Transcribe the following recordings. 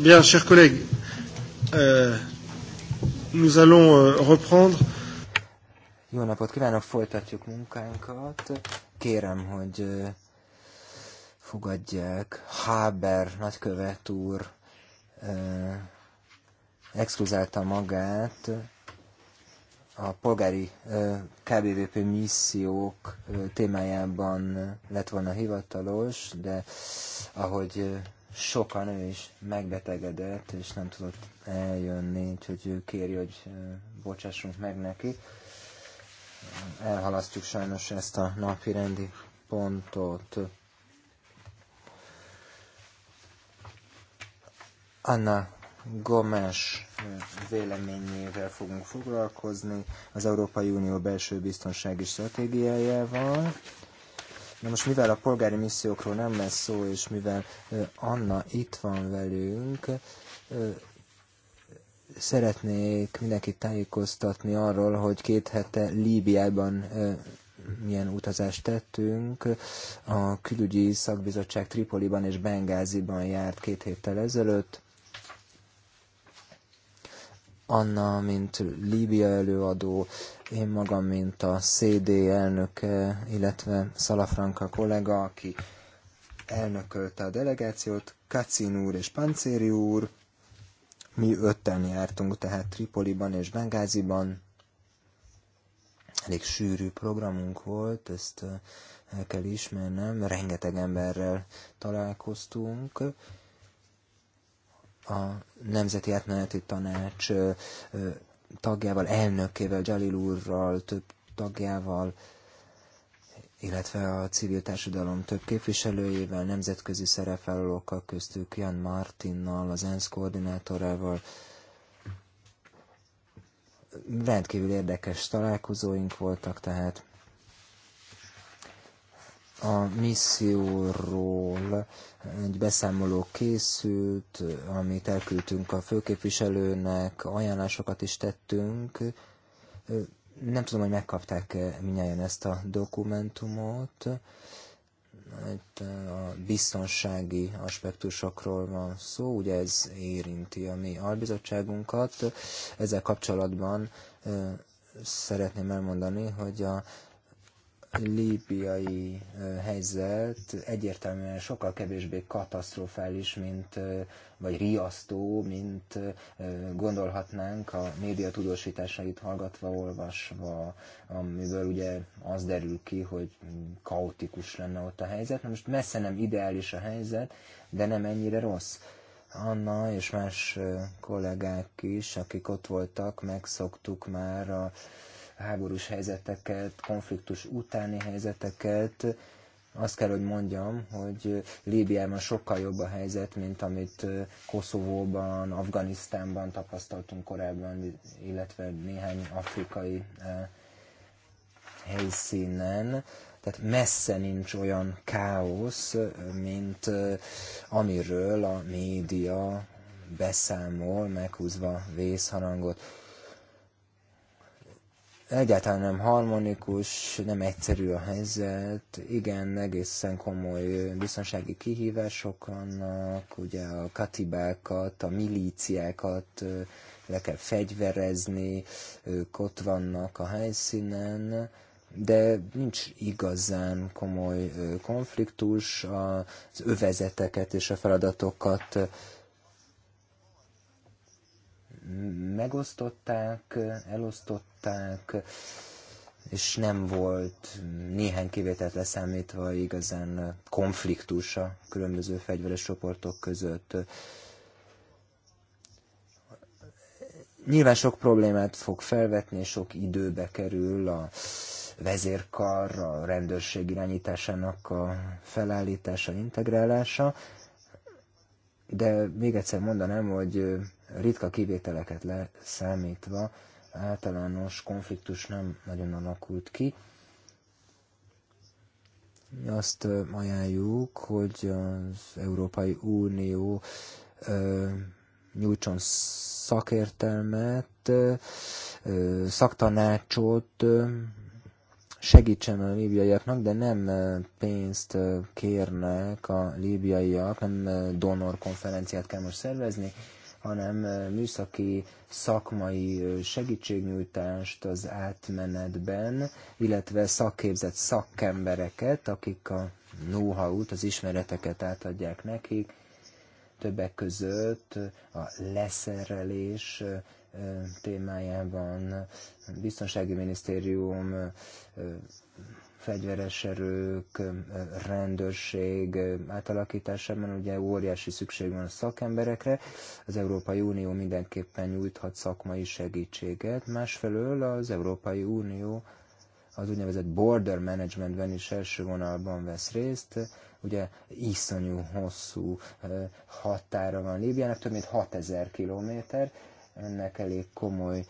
Bien, chers collègues, euh, nous allons euh, reprendre. Jó napot kívánok, folytatjuk munkánkat. Kérem, hogy euh, fogadják Haber nagykövet úr euh, exkluzálta magát a polgári euh, KBVP missziók euh, témájában lett volna hivatalos, de ahogy euh, sokan ő is megbetegedett, és nem tudott eljönni, úgyhogy ő kéri, hogy bocsássunk meg neki. Elhalasztjuk sajnos ezt a napi rendi pontot. Anna Gomes véleményével fogunk foglalkozni az Európai Unió belső biztonsági stratégiájával. Na most mivel a polgári missziókról nem lesz szó, és mivel Anna itt van velünk, szeretnék mindenkit tájékoztatni arról, hogy két hete Líbiában milyen utazást tettünk. A külügyi szakbizottság Tripoliban és Bengáziban járt két héttel ezelőtt. Anna, mint Líbia előadó, én magam, mint a CD elnöke, illetve Szalafranka kollega, aki elnökölte a delegációt, Kacin úr és Pancéri úr, mi ötten jártunk, tehát Tripoliban és Bengáziban. Elég sűrű programunk volt, ezt eh, el kell ismernem, rengeteg emberrel találkoztunk, a Nemzeti Átmeneti Tanács tagjával, elnökével, Jalil úrral, több tagjával, illetve a civil társadalom több képviselőjével, nemzetközi szerepvállalókkal köztük, Jan Martinnal, az ENSZ koordinátorával. Rendkívül érdekes találkozóink voltak tehát a misszióról egy beszámoló készült, amit elküldtünk a főképviselőnek, ajánlásokat is tettünk. Nem tudom, hogy megkapták-e minnyáján ezt a dokumentumot. Itt a biztonsági aspektusokról van szó, ugye ez érinti a mi albizottságunkat. Ezzel kapcsolatban szeretném elmondani, hogy a líbiai helyzet egyértelműen sokkal kevésbé katasztrofális, mint, vagy riasztó, mint gondolhatnánk a média tudósításait hallgatva, olvasva, amiből ugye az derül ki, hogy kaotikus lenne ott a helyzet. Na most messze nem ideális a helyzet, de nem ennyire rossz. Anna és más kollégák is, akik ott voltak, megszoktuk már a háborús helyzeteket, konfliktus utáni helyzeteket. Azt kell, hogy mondjam, hogy Líbiában sokkal jobb a helyzet, mint amit Koszovóban, Afganisztánban tapasztaltunk korábban, illetve néhány afrikai helyszínen tehát messze nincs olyan káosz, mint amiről a média beszámol, meghúzva vészharangot. Egyáltalán nem harmonikus, nem egyszerű a helyzet, igen, egészen komoly biztonsági kihívások vannak, ugye a katibákat, a milíciákat le kell fegyverezni, ők ott vannak a helyszínen, de nincs igazán komoly konfliktus, az övezeteket és a feladatokat megosztották, elosztották, és nem volt néhány kivételt leszámítva igazán konfliktus a különböző fegyveres csoportok között. Nyilván sok problémát fog felvetni, és sok időbe kerül a vezérkar, a rendőrség irányításának a felállítása, integrálása, de még egyszer mondanám, hogy ritka kivételeket leszámítva általános konfliktus nem nagyon alakult ki. Azt ajánljuk, hogy az Európai Unió nyújtson szakértelmet, szaktanácsot, segítsen a líbiaiaknak, de nem pénzt kérnek a líbiaiak, nem donor konferenciát kell most szervezni, hanem műszaki szakmai segítségnyújtást az átmenetben, illetve szakképzett szakembereket, akik a know-how-t, az ismereteket átadják nekik, többek között a leszerelés témájában, biztonsági minisztérium fegyveres erők, rendőrség átalakításában ugye óriási szükség van a szakemberekre, az Európai Unió mindenképpen nyújthat szakmai segítséget, másfelől az Európai Unió az úgynevezett border managementben is első vonalban vesz részt. Ugye iszonyú hosszú határa van Líbiának, több mint 6000 kilométer, ennek elég komoly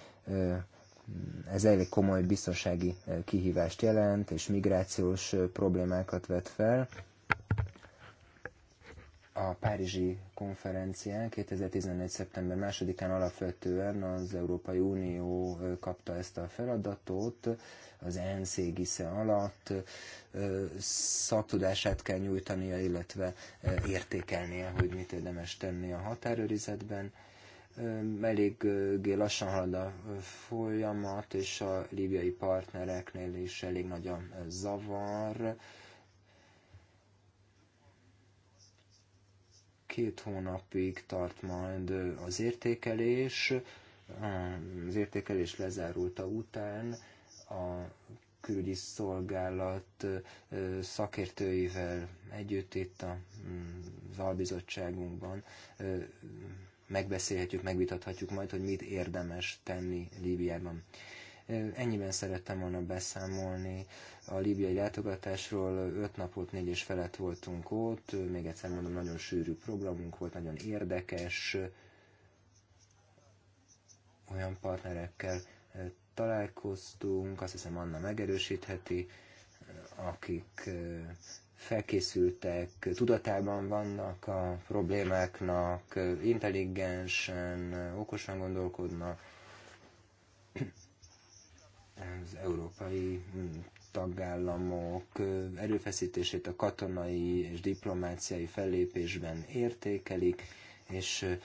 ez elég komoly biztonsági eh, kihívást jelent, és migrációs eh, problémákat vet fel. A Párizsi konferencián 2011. szeptember 2-án alapvetően az Európai Unió eh, kapta ezt a feladatot, az ENSZ égisze alatt szaktudását kell nyújtania, illetve értékelnie, hogy mit érdemes tenni a határőrizetben eléggé lassan halad a folyamat, és a líbiai partnereknél is elég nagy a zavar. Két hónapig tart majd az értékelés, az értékelés lezárulta után a külügyi szolgálat szakértőivel együtt itt mm, az albizottságunkban megbeszélhetjük, megvitathatjuk majd, hogy mit érdemes tenni Líbiában. Ennyiben szerettem volna beszámolni a líbiai látogatásról. Öt napot, négy és felett voltunk ott. Még egyszer mondom, nagyon sűrű programunk volt, nagyon érdekes. Olyan partnerekkel találkoztunk, azt hiszem Anna megerősítheti, akik felkészültek, tudatában vannak a problémáknak, intelligensen, okosan gondolkodnak. Az európai tagállamok erőfeszítését a katonai és diplomáciai fellépésben értékelik, és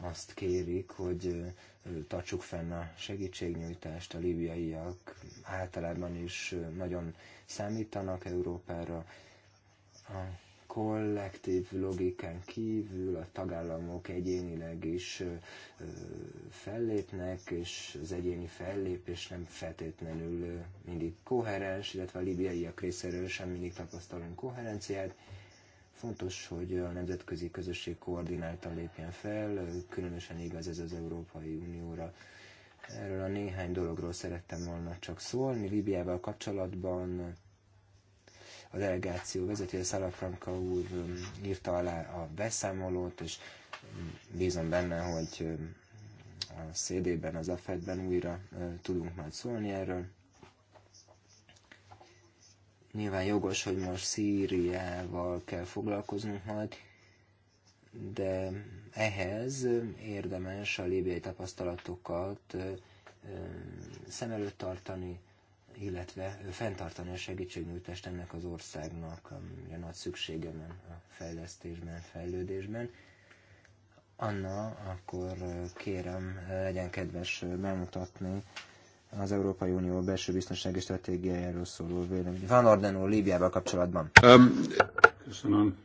azt kérik, hogy tartsuk fenn a segítségnyújtást. A líbiaiak általában is nagyon számítanak Európára, a kollektív logikán kívül a tagállamok egyénileg is fellépnek, és az egyéni fellépés nem feltétlenül mindig koherens, illetve a libiaiak részéről sem mindig tapasztalunk koherenciát. Fontos, hogy a nemzetközi közösség koordináltan lépjen fel, különösen igaz ez az Európai Unióra. Erről a néhány dologról szerettem volna csak szólni. Libiával kapcsolatban a delegáció vezetője Salafranca úr um, írta alá a beszámolót, és um, bízom benne, hogy um, a CD-ben, az AFED-ben újra uh, tudunk majd szólni erről. Nyilván jogos, hogy most Szíriával kell foglalkoznunk majd, de ehhez érdemes a líbiai tapasztalatokat uh, szem előtt tartani, illetve fenntartani a segítségnyújtást ennek az országnak, a nagy szüksége van a fejlesztésben, fejlődésben. Anna, akkor kérem, legyen kedves bemutatni az Európai Unió belső biztonsági stratégiájáról szóló vélemény. Van Ordenó Líbiával kapcsolatban. Um, köszönöm.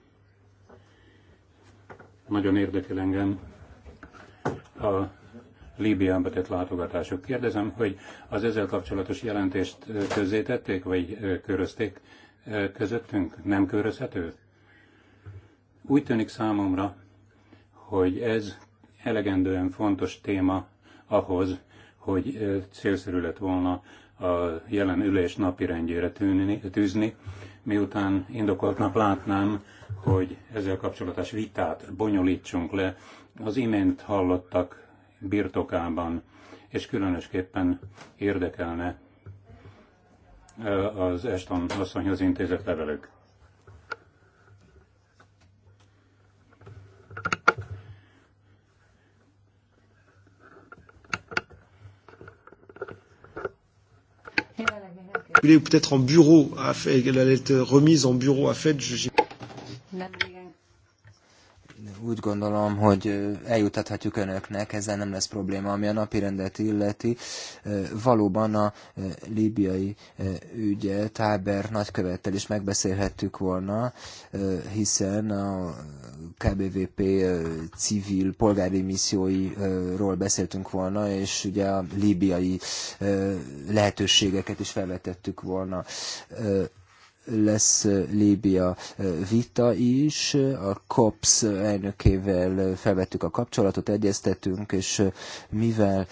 Nagyon érdekel engem a Líbiába tett látogatásuk. Kérdezem, hogy az ezzel kapcsolatos jelentést közzétették, vagy körözték közöttünk? Nem körözhető? Úgy tűnik számomra, hogy ez elegendően fontos téma ahhoz, hogy célszerű lett volna a jelen ülés napirendjére tűzni, miután indokoltnak látnám, hogy ezzel kapcsolatos vitát bonyolítsunk le. Az imént hallottak birtokában, és különösképpen érdekelne az Eston asszonyhoz intézett levelük. peut-être en bureau à fait, elle allait remise en bureau à fait, Je úgy gondolom, hogy eljutathatjuk önöknek, ezzel nem lesz probléma, ami a napi rendet illeti. Valóban a líbiai ügyet táber, nagykövettel is megbeszélhettük volna, hiszen a KBVP civil polgári misszióiról beszéltünk volna, és ugye a líbiai lehetőségeket is felvetettük volna lesz Líbia vita is, a COPS elnökével felvettük a kapcsolatot, egyeztetünk, és mivel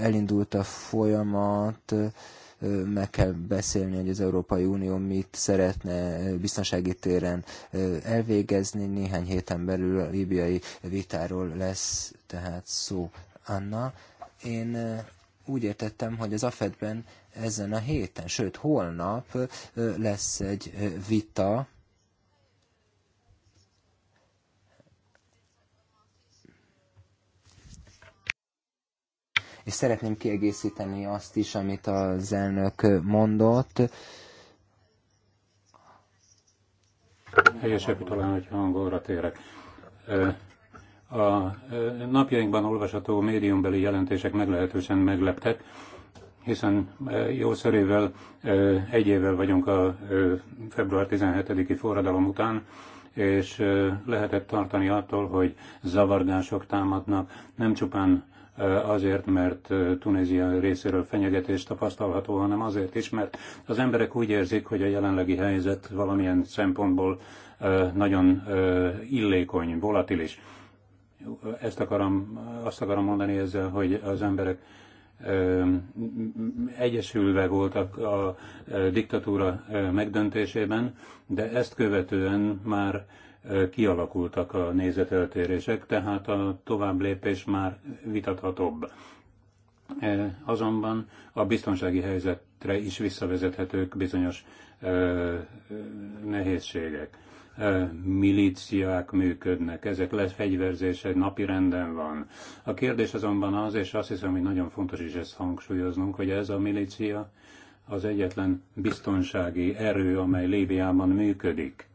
elindult a folyamat, meg kell beszélni, hogy az Európai Unió mit szeretne biztonsági téren elvégezni. Néhány héten belül a líbiai vitáról lesz tehát szó. Anna, én úgy értettem, hogy az AFED-ben ezen a héten, sőt holnap lesz egy vita, és szeretném kiegészíteni azt is, amit az elnök mondott. Helyesebb talán, hogyha angolra térek. A napjainkban olvasható médiumbeli jelentések meglehetősen megleptek, hiszen jó szörével egy évvel vagyunk a február 17-i forradalom után, és lehetett tartani attól, hogy zavargások támadnak, nem csupán azért, mert Tunézia részéről fenyegetés tapasztalható, hanem azért is, mert az emberek úgy érzik, hogy a jelenlegi helyzet valamilyen szempontból nagyon illékony, volatilis ezt akarom, azt akarom mondani ezzel, hogy az emberek egyesülve voltak a diktatúra megdöntésében, de ezt követően már kialakultak a nézeteltérések, tehát a tovább lépés már vitathatóbb. Azonban a biztonsági helyzetre is visszavezethetők bizonyos nehézségek milíciák működnek, ezek lesz fegyverzése, napi renden van. A kérdés azonban az, és azt hiszem, hogy nagyon fontos is ezt hangsúlyoznunk, hogy ez a milícia az egyetlen biztonsági erő, amely Líbiában működik.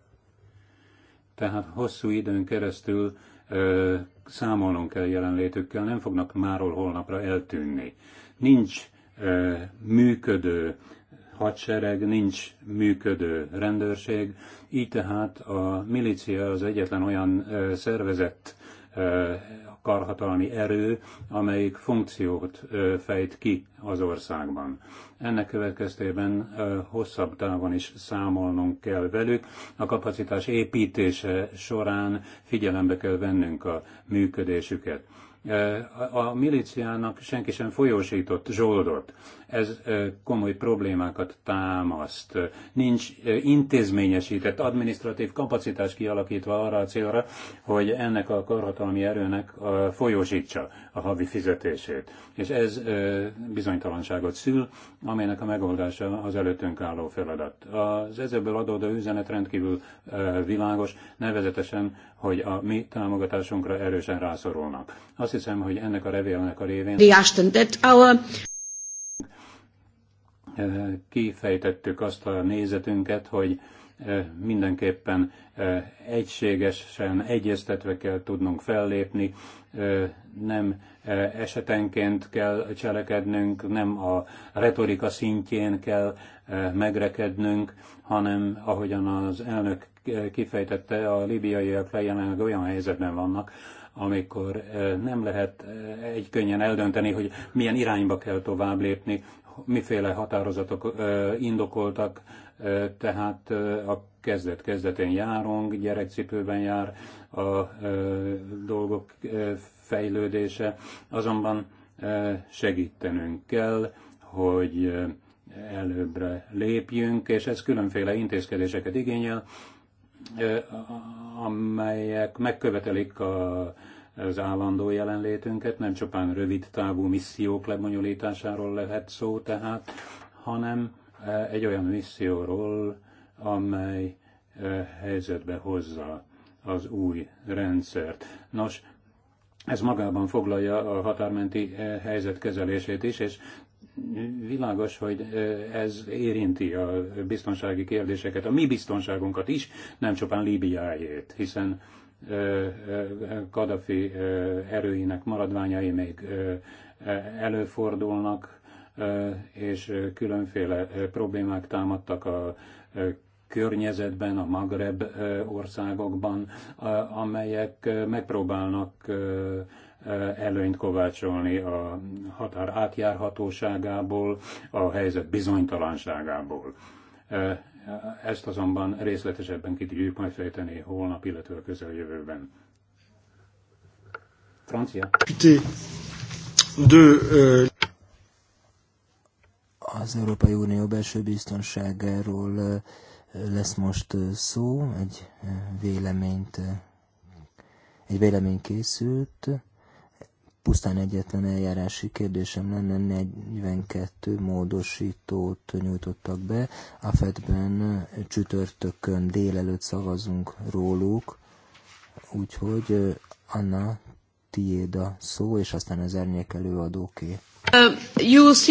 Tehát hosszú időn keresztül ö, számolnunk kell jelenlétükkel, nem fognak máról holnapra eltűnni. Nincs működő hadsereg, nincs működő rendőrség, így tehát a milícia az egyetlen olyan szervezett karhatalmi erő, amelyik funkciót fejt ki az országban. Ennek következtében hosszabb távon is számolnunk kell velük. A kapacitás építése során figyelembe kell vennünk a működésüket a milíciának senki sem folyósított zsoldot. Ez komoly problémákat támaszt. Nincs intézményesített administratív kapacitás kialakítva arra a célra, hogy ennek a karhatalmi erőnek folyósítsa a havi fizetését. És ez bizonytalanságot szül, amelynek a megoldása az előttünk álló feladat. Az ezzelből adódó üzenet rendkívül világos, nevezetesen, hogy a mi támogatásunkra erősen rászorulnak. Azt hiszem, hogy ennek a revélnek a révén kifejtettük azt a nézetünket, hogy mindenképpen egységesen, egyeztetve kell tudnunk fellépni, nem esetenként kell cselekednünk, nem a retorika szintjén kell megrekednünk, hanem ahogyan az elnök kifejtette, a libiaiak jelenleg olyan helyzetben vannak, amikor nem lehet egy könnyen eldönteni, hogy milyen irányba kell tovább lépni, miféle határozatok indokoltak, tehát a kezdet kezdetén járunk, gyerekcipőben jár a dolgok fejlődése, azonban segítenünk kell, hogy előbbre lépjünk, és ez különféle intézkedéseket igényel, amelyek megkövetelik a, az állandó jelenlétünket, nem csupán rövid távú missziók lebonyolításáról lehet szó tehát, hanem egy olyan misszióról, amely helyzetbe hozza az új rendszert. Nos, ez magában foglalja a határmenti helyzet kezelését is, és világos, hogy ez érinti a biztonsági kérdéseket, a mi biztonságunkat is, nem csupán Líbiájét, hiszen Kadafi erőinek maradványai még előfordulnak, és különféle problémák támadtak a környezetben, a Magreb országokban, amelyek megpróbálnak előnyt kovácsolni a határ átjárhatóságából, a helyzet bizonytalanságából. Ezt azonban részletesebben ki tudjuk majd fejteni holnap, illetve a közeljövőben. Francia. De, az Európai Unió belső biztonságáról lesz most szó, egy véleményt, egy vélemény készült, pusztán egyetlen eljárási kérdésem lenne, 42 módosítót nyújtottak be, a ben csütörtökön délelőtt szavazunk róluk, úgyhogy Anna tiéd a szó, és aztán az ernyék előadóké. Uh,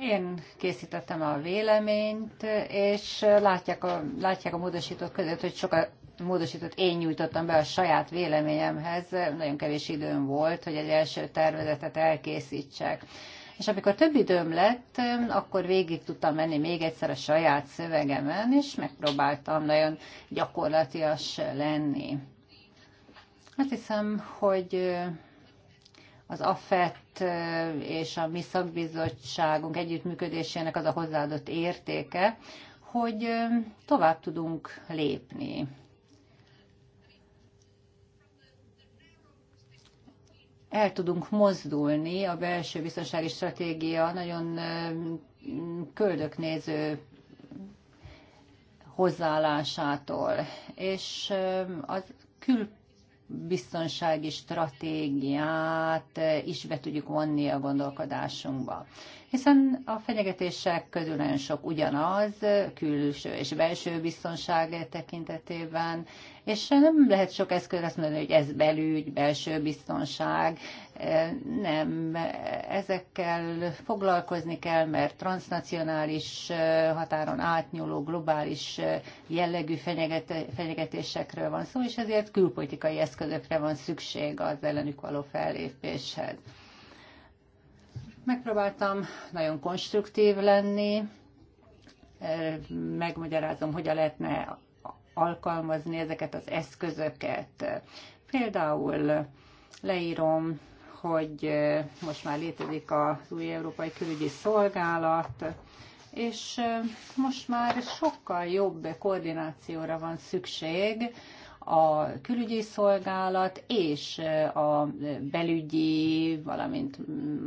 én készítettem a véleményt, és látják a, látják a módosítók között, hogy sokat módosított, én nyújtottam be a saját véleményemhez, nagyon kevés időm volt, hogy egy első tervezetet elkészítsek. És amikor több időm lett, akkor végig tudtam menni még egyszer a saját szövegemen, és megpróbáltam nagyon gyakorlatias lenni. Azt hiszem, hogy az AFET és a mi szakbizottságunk együttműködésének az a hozzáadott értéke, hogy tovább tudunk lépni. El tudunk mozdulni a belső biztonsági stratégia nagyon köldöknéző hozzáállásától, és az kül biztonsági stratégiát is be tudjuk vonni a gondolkodásunkba. Hiszen a fenyegetések közül nagyon sok ugyanaz, külső és belső biztonság tekintetében, és eh, nem lehet sok eszköz azt mondani, hogy ez belügy, belső biztonság, eh, nem, ezekkel foglalkozni kell, mert transnacionális eh, határon átnyúló globális jellegű fenyegetésekről van szó, és ezért külpolitikai eszközökre van szükség az ellenük való fellépéshez. Megpróbáltam nagyon konstruktív lenni, megmagyarázom, hogyan lehetne alkalmazni ezeket az eszközöket. Például leírom, hogy most már létezik az új Európai Külügyi Szolgálat, és most már sokkal jobb koordinációra van szükség, a külügyi szolgálat és a belügyi, valamint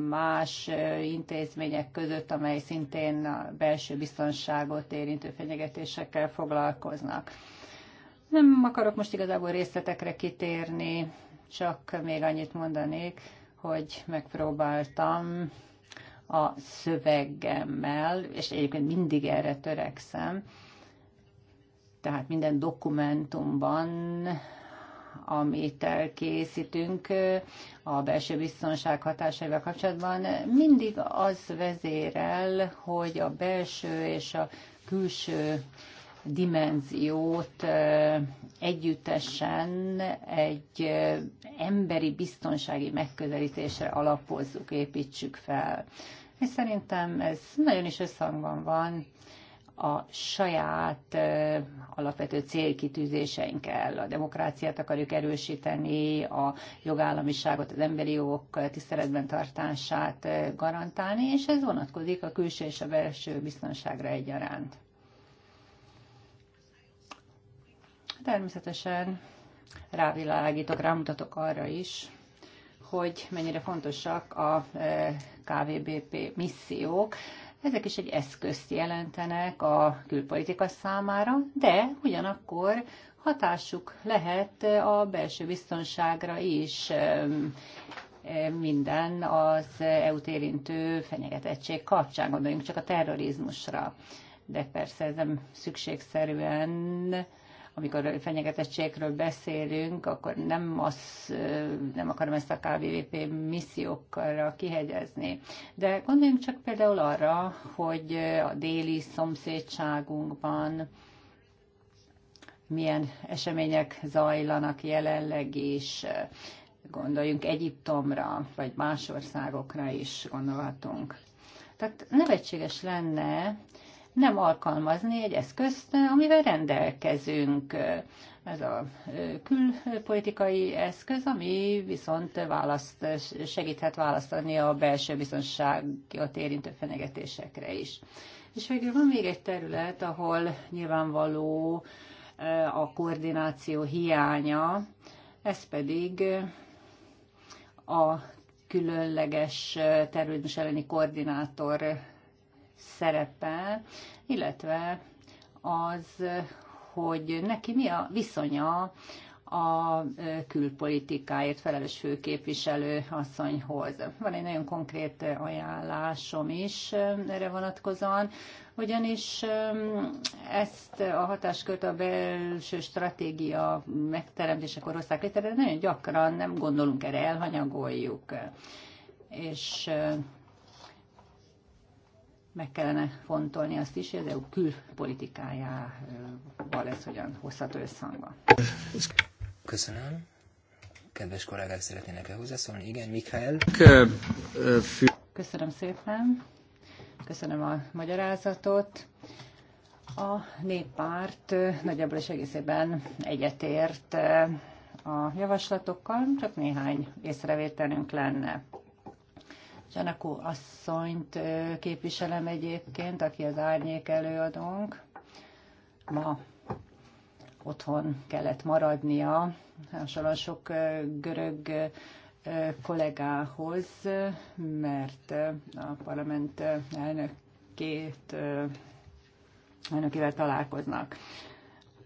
más intézmények között, amely szintén a belső biztonságot érintő fenyegetésekkel foglalkoznak. Nem akarok most igazából részletekre kitérni, csak még annyit mondanék, hogy megpróbáltam a szövegemmel, és egyébként mindig erre törekszem, tehát minden dokumentumban, amit elkészítünk a belső biztonság hatásaival kapcsolatban, mindig az vezérel, hogy a belső és a külső dimenziót együttesen egy emberi biztonsági megközelítésre alapozzuk, építsük fel. És szerintem ez nagyon is összhangban van a saját alapvető célkitűzéseinkkel. A demokráciát akarjuk erősíteni, a jogállamiságot, az emberi jogok tiszteletben tartását garantálni, és ez vonatkozik a külső és a belső biztonságra egyaránt. Természetesen rávilágítok, rámutatok arra is, hogy mennyire fontosak a e, KVBP missziók. Ezek is egy eszközt jelentenek a külpolitika számára, de ugyanakkor hatásuk lehet a belső biztonságra is e, e, minden az EU-t érintő fenyegetettség kapcsán, gondoljunk csak a terrorizmusra. De persze ez nem szükségszerűen amikor fenyegetettségről beszélünk, akkor nem, az, nem akarom ezt a KVVP missziókra kihegyezni. De gondoljunk csak például arra, hogy a déli szomszédságunkban milyen események zajlanak jelenleg is, gondoljunk Egyiptomra, vagy más országokra is gondolhatunk. Tehát nevetséges lenne, nem alkalmazni egy eszközt, amivel rendelkezünk. Ez a külpolitikai eszköz, ami viszont választ, segíthet választani a belső biztonságot érintő fenyegetésekre is. És végül van még egy terület, ahol nyilvánvaló a koordináció hiánya, ez pedig a különleges terrorizmus elleni koordinátor szerepel, illetve az, hogy neki mi a viszonya a külpolitikáért felelős főképviselő asszonyhoz. Van egy nagyon konkrét ajánlásom is erre vonatkozóan, ugyanis ezt a hatáskört a belső stratégia megteremtésekor hozták létre, de nagyon gyakran nem gondolunk erre, elhanyagoljuk. És meg kellene fontolni azt is, hogy az EU külpolitikájával lesz hogyan hozható összhangban. Köszönöm. Kedves kollégák szeretnének e hozzászólni? Igen, Mikhail. Köszönöm szépen. Köszönöm a magyarázatot. A néppárt nagyjából is egészében egyetért a javaslatokkal, csak néhány észrevételünk lenne. Csanakó asszonyt képviselem egyébként, aki az árnyék előadónk. Ma otthon kellett maradnia, hasonlóan sok görög kollégához, mert a parlament elnökét, elnökével találkoznak.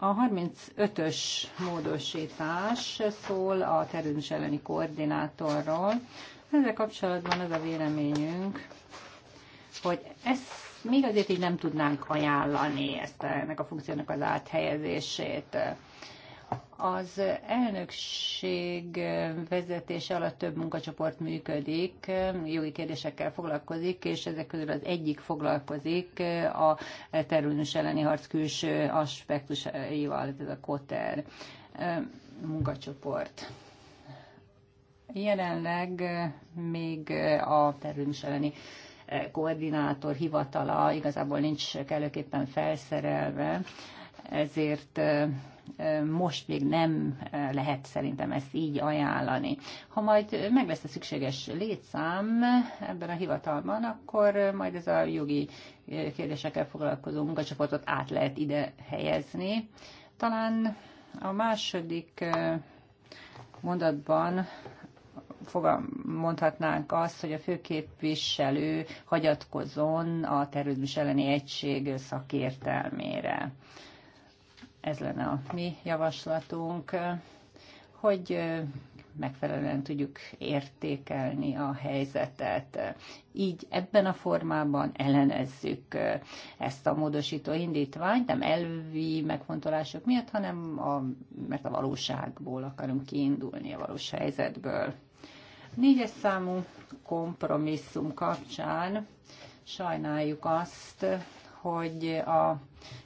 A 35-ös módosítás szól a terülés elleni koordinátorról. Ezzel kapcsolatban az a véleményünk, hogy ezt még azért így nem tudnánk ajánlani ezt, ennek a funkciónak az áthelyezését. Az elnökség vezetése alatt több munkacsoport működik, jogi kérdésekkel foglalkozik, és ezek közül az egyik foglalkozik a terülnős elleni harc külső aspektusaival, ez a KOTER munkacsoport. Jelenleg még a terrorizmus elleni koordinátor hivatala igazából nincs kellőképpen felszerelve, ezért most még nem lehet szerintem ezt így ajánlani. Ha majd meg lesz a szükséges létszám ebben a hivatalban, akkor majd ez a jogi kérdésekkel foglalkozó munkacsoportot át lehet ide helyezni. Talán a második mondatban mondhatnánk azt, hogy a főképviselő hagyatkozon a terrorizmus elleni egység szakértelmére. Ez lenne a mi javaslatunk, hogy megfelelően tudjuk értékelni a helyzetet. Így ebben a formában ellenezzük ezt a módosító indítványt, nem elvi megfontolások miatt, hanem a, mert a valóságból akarunk kiindulni, a valós helyzetből. Négyes számú kompromisszum kapcsán sajnáljuk azt, hogy a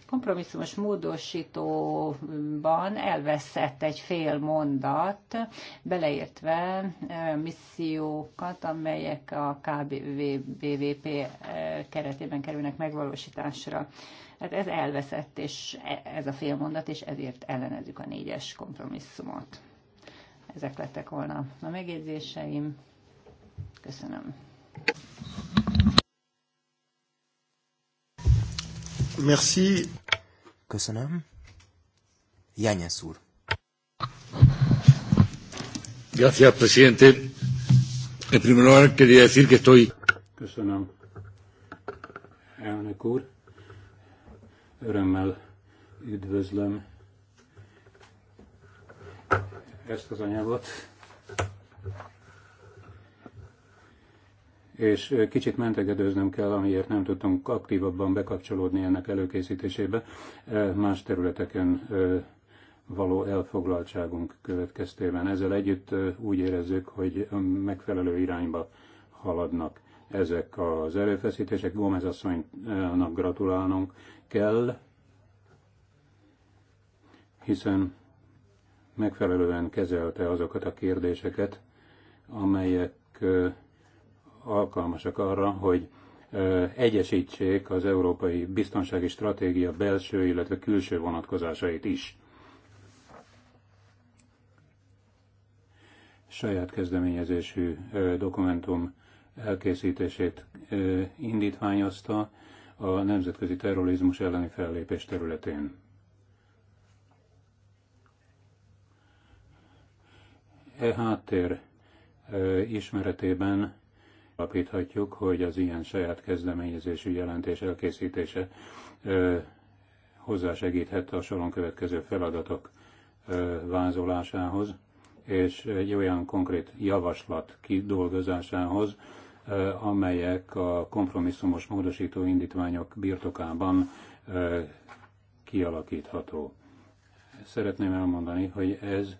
kompromisszumos módosítóban elveszett egy fél mondat, beleértve e, missziókat, amelyek a KBVP e, keretében kerülnek megvalósításra. Hát ez elveszett, és e, ez a fél mondat, és ezért ellenezzük a négyes kompromisszumot. Ezek lettek volna a megjegyzéseim. Köszönöm. Merci. Köszönöm. Jányász úr. Gracias, presidente. En primer lugar, quería decir que estoy... Köszönöm. Elnök úr, örömmel üdvözlöm ezt az anyagot, és kicsit mentegedőznöm kell, amiért nem tudtunk aktívabban bekapcsolódni ennek előkészítésébe, más területeken való elfoglaltságunk következtében. Ezzel együtt úgy érezzük, hogy megfelelő irányba haladnak ezek az erőfeszítések. Gómez asszonynak gratulálnunk kell, hiszen megfelelően kezelte azokat a kérdéseket, amelyek alkalmasak arra, hogy egyesítsék az európai biztonsági stratégia belső, illetve külső vonatkozásait is. Saját kezdeményezésű dokumentum elkészítését indítványozta a nemzetközi terrorizmus elleni fellépés területén. E háttér e, ismeretében alapíthatjuk, hogy az ilyen saját kezdeményezésű jelentés elkészítése e, hozzásegíthet a soron következő feladatok e, vázolásához, és egy olyan konkrét javaslat kidolgozásához, amelyek a kompromisszumos módosító indítványok birtokában kialakítható. Szeretném elmondani, hogy ez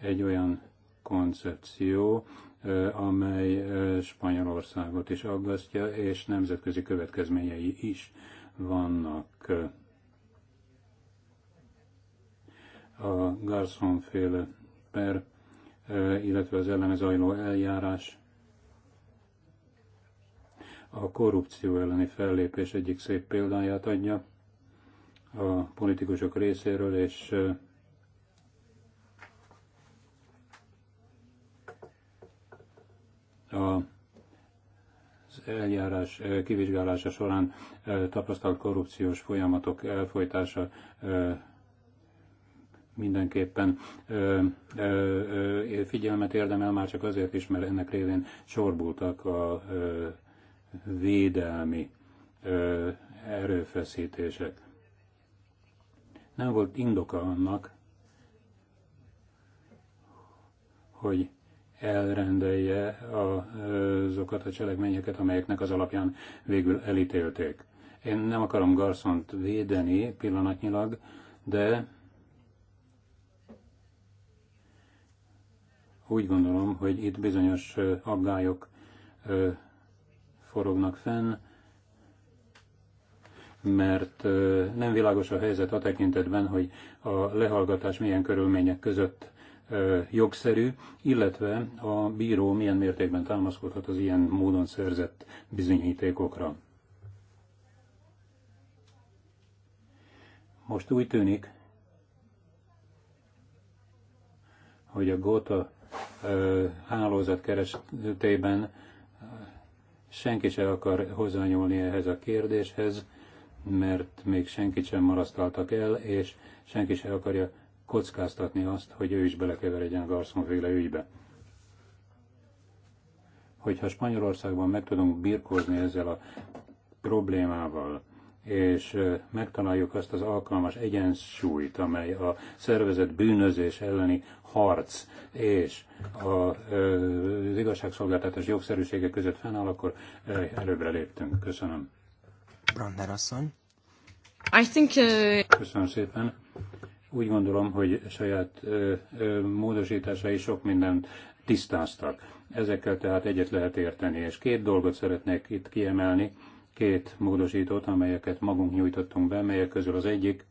egy olyan koncepció, amely Spanyolországot is aggasztja, és nemzetközi következményei is vannak. A Garson féle per, illetve az ellene zajló eljárás a korrupció elleni fellépés egyik szép példáját adja a politikusok részéről, és a az eljárás kivizsgálása során tapasztalt korrupciós folyamatok elfolytása mindenképpen figyelmet érdemel, már csak azért is, mert ennek révén sorbultak a védelmi erőfeszítések. Nem volt indoka annak, hogy elrendelje azokat a cselekményeket, amelyeknek az alapján végül elítélték. Én nem akarom Garszont védeni pillanatnyilag, de úgy gondolom, hogy itt bizonyos aggályok forognak fenn, mert nem világos a helyzet a tekintetben, hogy a lehallgatás milyen körülmények között jogszerű, illetve a bíró milyen mértékben támaszkodhat az ilyen módon szerzett bizonyítékokra. Most úgy tűnik, hogy a Gota hálózat keresztében senki se akar hozzányúlni ehhez a kérdéshez, mert még senkit sem marasztaltak el, és senki se akarja kockáztatni azt, hogy ő is belekeveredjen a Garszonféle ügybe. Hogyha Spanyolországban meg tudunk birkózni ezzel a problémával, és megtaláljuk azt az alkalmas egyensúlyt, amely a szervezet bűnözés elleni harc és a, az igazságszolgáltatás jogszerűsége között fennáll, akkor előbbre léptünk. Köszönöm. Brandner asszony. I think, uh... Köszönöm szépen úgy gondolom, hogy saját módosításai sok mindent tisztáztak. Ezekkel tehát egyet lehet érteni, és két dolgot szeretnék itt kiemelni, két módosítót, amelyeket magunk nyújtottunk be, melyek közül az egyik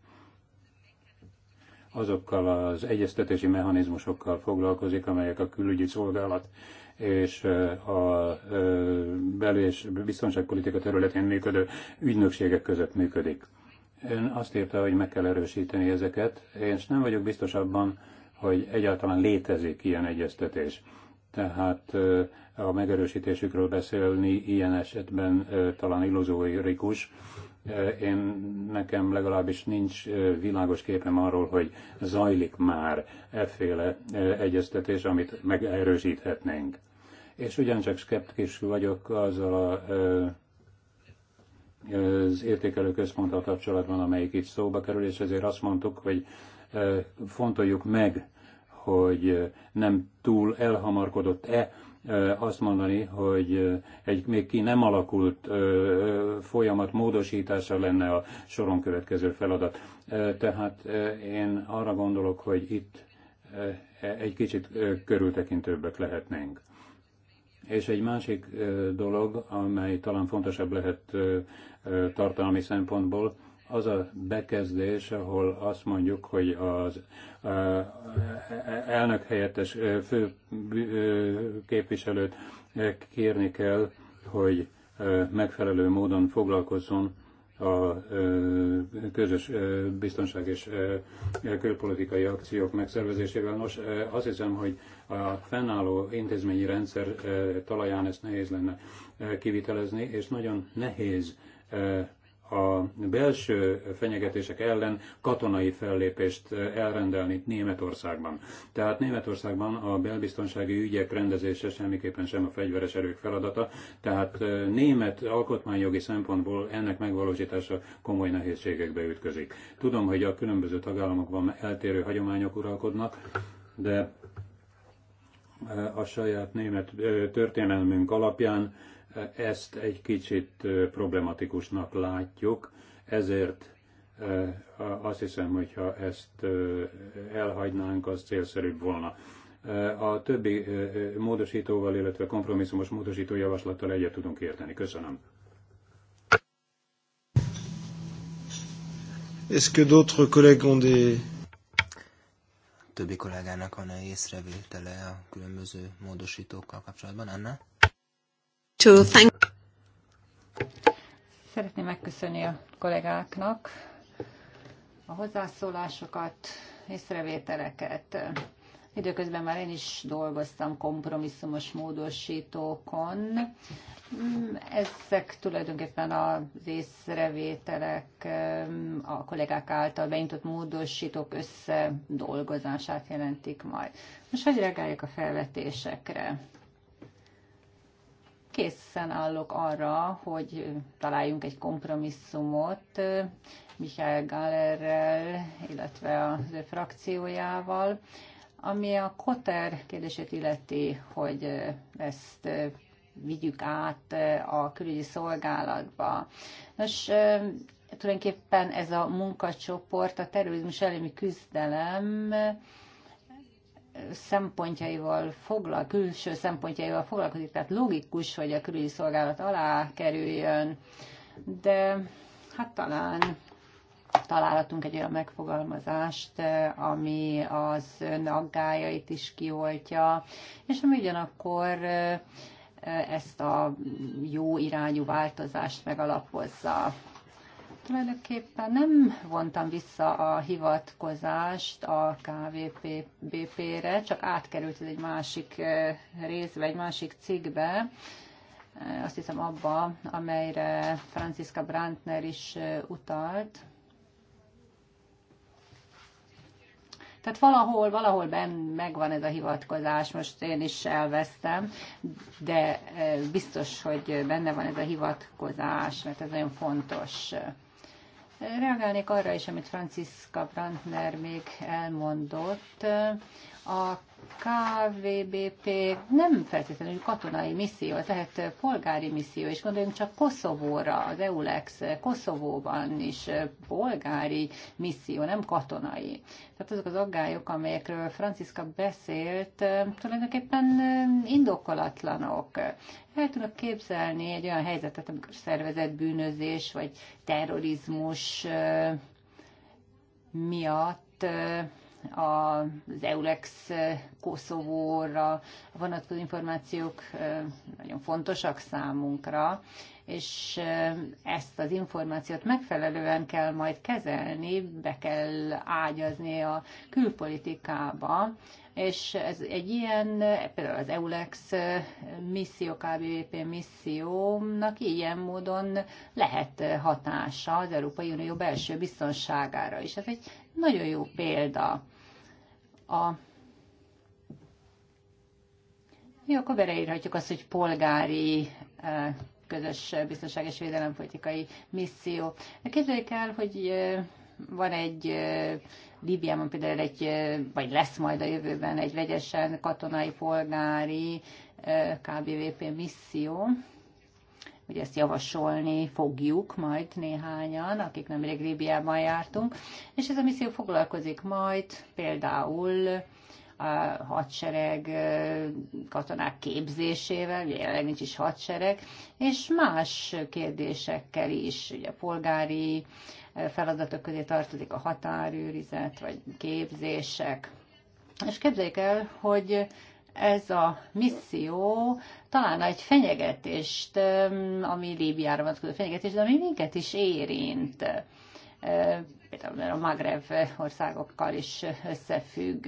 azokkal az egyeztetési mechanizmusokkal foglalkozik, amelyek a külügyi szolgálat és a bel- és biztonságpolitika területén működő ügynökségek között működik. Ön azt írta, hogy meg kell erősíteni ezeket, és nem vagyok biztos abban, hogy egyáltalán létezik ilyen egyeztetés. Tehát a megerősítésükről beszélni ilyen esetben talán illuzórikus. Én nekem legalábbis nincs világos képem arról, hogy zajlik már efféle egyeztetés, amit megerősíthetnénk. És ugyancsak szkeptikus vagyok azzal a az értékelő központtal kapcsolatban, amelyik itt szóba kerül, és ezért azt mondtuk, hogy fontoljuk meg, hogy nem túl elhamarkodott-e azt mondani, hogy egy még ki nem alakult folyamat módosítása lenne a soron következő feladat. Tehát én arra gondolok, hogy itt egy kicsit körültekintőbbek lehetnénk. És egy másik dolog, amely talán fontosabb lehet tartalmi szempontból, az a bekezdés, ahol azt mondjuk, hogy az e, e, elnök helyettes fő képviselőt kérni kell, hogy megfelelő módon foglalkozzon a közös biztonság és külpolitikai akciók megszervezésével. Nos, azt hiszem, hogy a fennálló intézményi rendszer talaján ezt nehéz lenne kivitelezni, és nagyon nehéz a belső fenyegetések ellen katonai fellépést elrendelni Németországban. Tehát Németországban a belbiztonsági ügyek rendezése semmiképpen sem a fegyveres erők feladata, tehát német alkotmányjogi szempontból ennek megvalósítása komoly nehézségekbe ütközik. Tudom, hogy a különböző tagállamokban eltérő hagyományok uralkodnak, de a saját német történelmünk alapján ezt egy kicsit problematikusnak látjuk, ezért azt hiszem, hogy ha ezt elhagynánk, az célszerűbb volna. A többi módosítóval, illetve kompromisszumos módosító javaslattal egyet tudunk érteni. Köszönöm. Est-ce que d'autres collègues ont des... Többi kollégának van-e észrevétele a különböző módosítókkal kapcsolatban, Anna? to thank... Szeretném megköszönni a kollégáknak a hozzászólásokat, észrevételeket. Időközben már én is dolgoztam kompromisszumos módosítókon. Ezek tulajdonképpen az észrevételek, a kollégák által beintott módosítók összedolgozását jelentik majd. Most hagyj reagáljak a felvetésekre? készen állok arra, hogy találjunk egy kompromisszumot Michael Gallerrel, illetve az ő frakciójával, ami a Koter kérdését illeti, hogy ezt vigyük át a külügyi szolgálatba. Nos, tulajdonképpen ez a munkacsoport, a terrorizmus elleni küzdelem szempontjaival foglal, külső szempontjaival foglalkozik, tehát logikus, hogy a külügyi szolgálat alá kerüljön, de hát talán találhatunk egy olyan megfogalmazást, ami az ön aggájait is kioltja, és ami ugyanakkor eh, ezt a jó irányú változást megalapozza tulajdonképpen nem vontam vissza a hivatkozást a KVPP-re, csak átkerült ez egy másik eh, részbe, egy másik cikkbe, eh, azt hiszem abba, amelyre Franciska Brandner is eh, utalt. Tehát valahol, valahol ben megvan ez a hivatkozás, most én is elvesztem, de biztos, hogy benne van ez a hivatkozás, mert ez nagyon fontos. Reagálnék arra is, amit Franciska Brandner még elmondott a KVBP nem feltétlenül katonai misszió, az lehet polgári misszió, és gondoljunk csak Koszovóra, az EULEX Koszovóban is polgári misszió, nem katonai. Tehát azok az aggályok, amelyekről Franciszka beszélt, tulajdonképpen indokolatlanok. El tudok képzelni egy olyan helyzetet, amikor szervezett bűnözés vagy terrorizmus miatt az EULEX Koszovóra vonatkozó információk nagyon fontosak számunkra, és ezt az információt megfelelően kell majd kezelni, be kell ágyazni a külpolitikába, és ez egy ilyen, például az EULEX misszió, KBVP missziónak ilyen módon lehet hatása az Európai Unió belső biztonságára is. Ez egy nagyon jó példa. A mi akkor beleírhatjuk azt, hogy polgári közös biztonság és védelempolitikai misszió. Képzeljék el, hogy van egy Líbiában például egy, vagy lesz majd a jövőben egy vegyesen katonai polgári KBVP misszió, hogy ezt javasolni fogjuk majd néhányan, akik nemrég Líbiában jártunk, és ez a misszió foglalkozik majd például a hadsereg katonák képzésével, ugye jelenleg nincs is hadsereg, és más kérdésekkel is, ugye a polgári feladatok közé tartozik a határőrizet, vagy képzések. És képzeljék el, hogy ez a misszió talán egy fenyegetést, ami Líbiára vonatkozó fenyegetést, de ami minket is érint. Például a Magrev országokkal is összefügg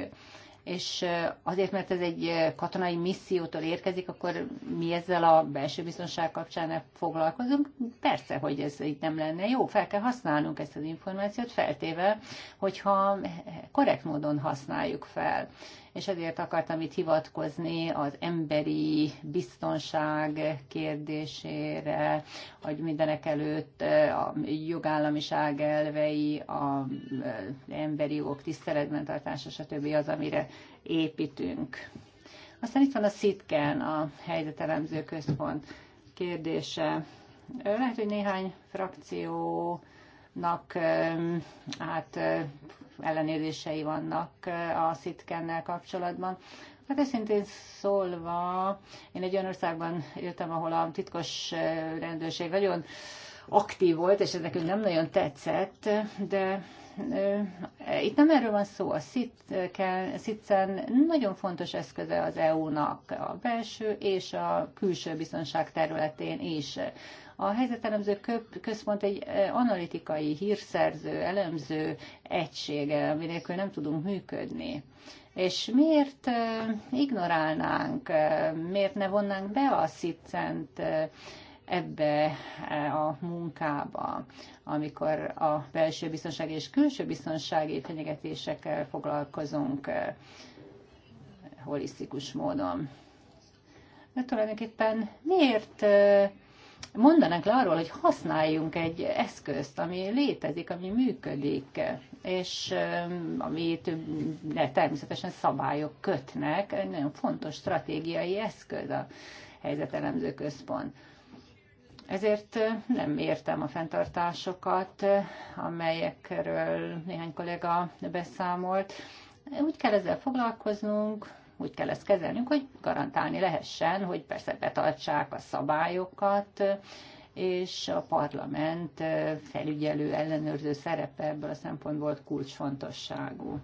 és azért, mert ez egy katonai missziótól érkezik, akkor mi ezzel a belső biztonság kapcsán foglalkozunk? Persze, hogy ez így nem lenne jó, fel kell használnunk ezt az információt, feltéve, hogyha korrekt módon használjuk fel és ezért akartam itt hivatkozni az emberi biztonság kérdésére, hogy mindenek előtt eh, a jogállamiság elvei, az eh, emberi jogok tiszteletben tartása, stb. az, amire építünk. Aztán itt van a SZITKEN, a Helyzetelemző Központ kérdése. Lehet, hogy néhány frakció nak hát ellenőrzései vannak a szitkennel kapcsolatban. Hát őszintén szólva, én egy olyan országban jöttem, ahol a titkos rendőrség nagyon aktív volt, és ez nekünk nem nagyon tetszett, de itt nem erről van szó, a SZICEN nagyon fontos eszköze az EU-nak a belső és a külső biztonság területén is. A helyzetelemző központ egy eh, analitikai, hírszerző, elemző egysége, aminélkül nem tudunk működni. És miért eh, ignorálnánk, eh, miért ne vonnánk be a SZICENT ebbe a munkába, amikor a belső biztonsági és külső biztonsági fenyegetésekkel foglalkozunk holisztikus módon. De tulajdonképpen miért mondanak le arról, hogy használjunk egy eszközt, ami létezik, ami működik, és amit de természetesen szabályok kötnek, egy nagyon fontos stratégiai eszköz a helyzetelemző központ. Ezért nem értem a fenntartásokat, amelyekről néhány kollega beszámolt. Úgy kell ezzel foglalkoznunk, úgy kell ezt kezelnünk, hogy garantálni lehessen, hogy persze betartsák a szabályokat, és a parlament felügyelő, ellenőrző szerepe ebből a szempontból kulcsfontosságú.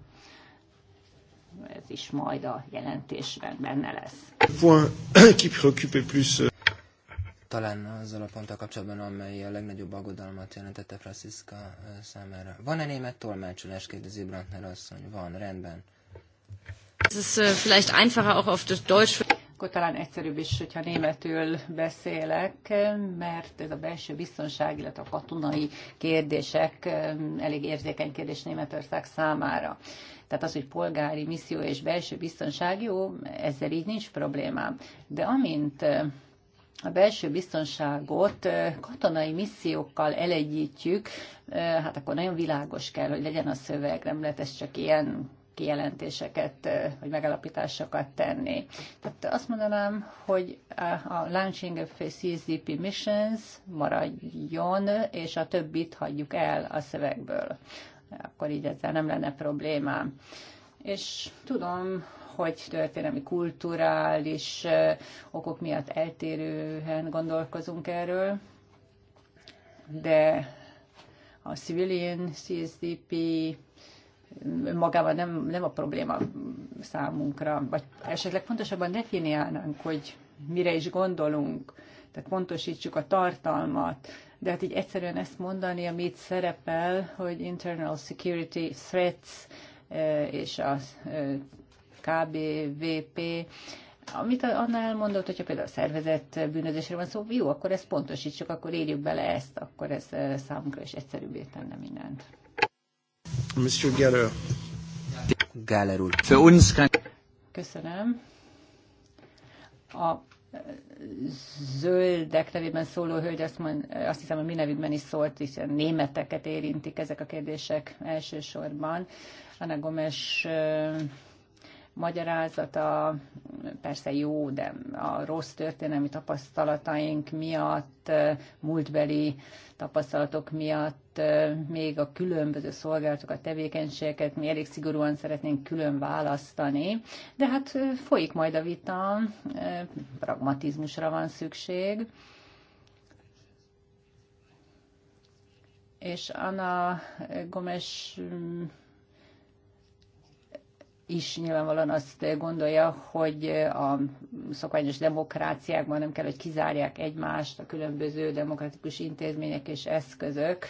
Ez is majd a jelentésben benne lesz. Euh, Talán azzal a ponttal kapcsolatban, amely a legnagyobb aggodalmat jelentette Franciszka számára. Van-e német tolmácsolás? kérdezi Brantner asszony. Van, rendben. Ez ist äh, vielleicht einfacher auch auf Deutsch. Akkor talán egyszerűbb is, hogyha németül beszélek, mert ez a belső biztonság, illetve a katonai kérdések elég érzékeny kérdés Németország számára. Tehát az, hogy polgári misszió és belső biztonság jó, ezzel így nincs problémám. De amint a belső biztonságot katonai missziókkal elegyítjük, hát akkor nagyon világos kell, hogy legyen a szöveg, nem lehet ez csak ilyen kijelentéseket vagy megalapításokat tenni. Tehát azt mondanám, hogy a Launching of CSDP Missions maradjon, és a többit hagyjuk el a szövegből. Akkor így ezzel nem lenne problémám. És tudom, hogy történelmi, kulturális okok miatt eltérően gondolkozunk erről, de a civilian CSDP magában nem, nem a probléma számunkra, vagy esetleg pontosabban definiálnánk, hogy mire is gondolunk, tehát pontosítsuk a tartalmat, de hát így egyszerűen ezt mondani, amit szerepel, hogy internal security threats e, és a e, KBVP, amit Anna elmondott, hogyha például a szervezett bűnözésre van szó, jó, akkor ezt pontosítsuk, akkor írjuk bele ezt, akkor ez e, számunkra is egyszerűbbé tenne mindent. Monsieur Galler. Galler úr. Köszönöm. A e, zöldek nevében szóló hölgy azt, mond, azt hiszem, hogy mi nevükben is szólt, hiszen németeket érintik ezek a kérdések elsősorban. Anna Gomes e, magyarázata persze jó, de a rossz történelmi tapasztalataink miatt, múltbeli tapasztalatok miatt még a különböző a tevékenységeket mi elég szigorúan szeretnénk külön választani, de hát folyik majd a vita, pragmatizmusra van szükség. És Anna Gomes mm, is nyilvánvalóan azt gondolja, hogy a szokványos demokráciákban nem kell, hogy kizárják egymást a különböző demokratikus intézmények és eszközök,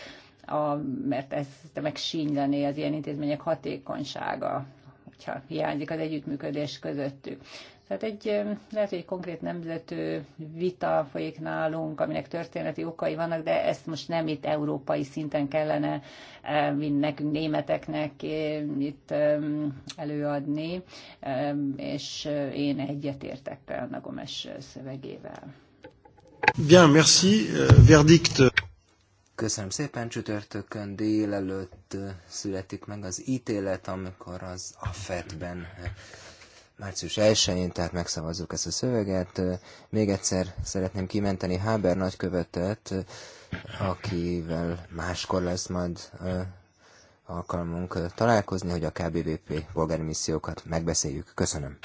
a, mert ez megsínylené az ilyen intézmények hatékonysága hogyha hiányzik az együttműködés közöttük. Tehát egy lehet, hogy egy konkrét nemzetű vita folyik nálunk, aminek történeti okai vannak, de ezt most nem itt európai szinten kellene mint nekünk németeknek itt előadni, és én egyetértek a Nagomes szövegével. Bien, merci. Euh, verdict. Köszönöm szépen, csütörtökön délelőtt születik meg az ítélet, amikor az AFET-ben március 1-én, tehát megszavazzuk ezt a szöveget. Még egyszer szeretném kimenteni Háber nagykövetet, akivel máskor lesz majd alkalmunk találkozni, hogy a KBVP polgári missziókat megbeszéljük. Köszönöm.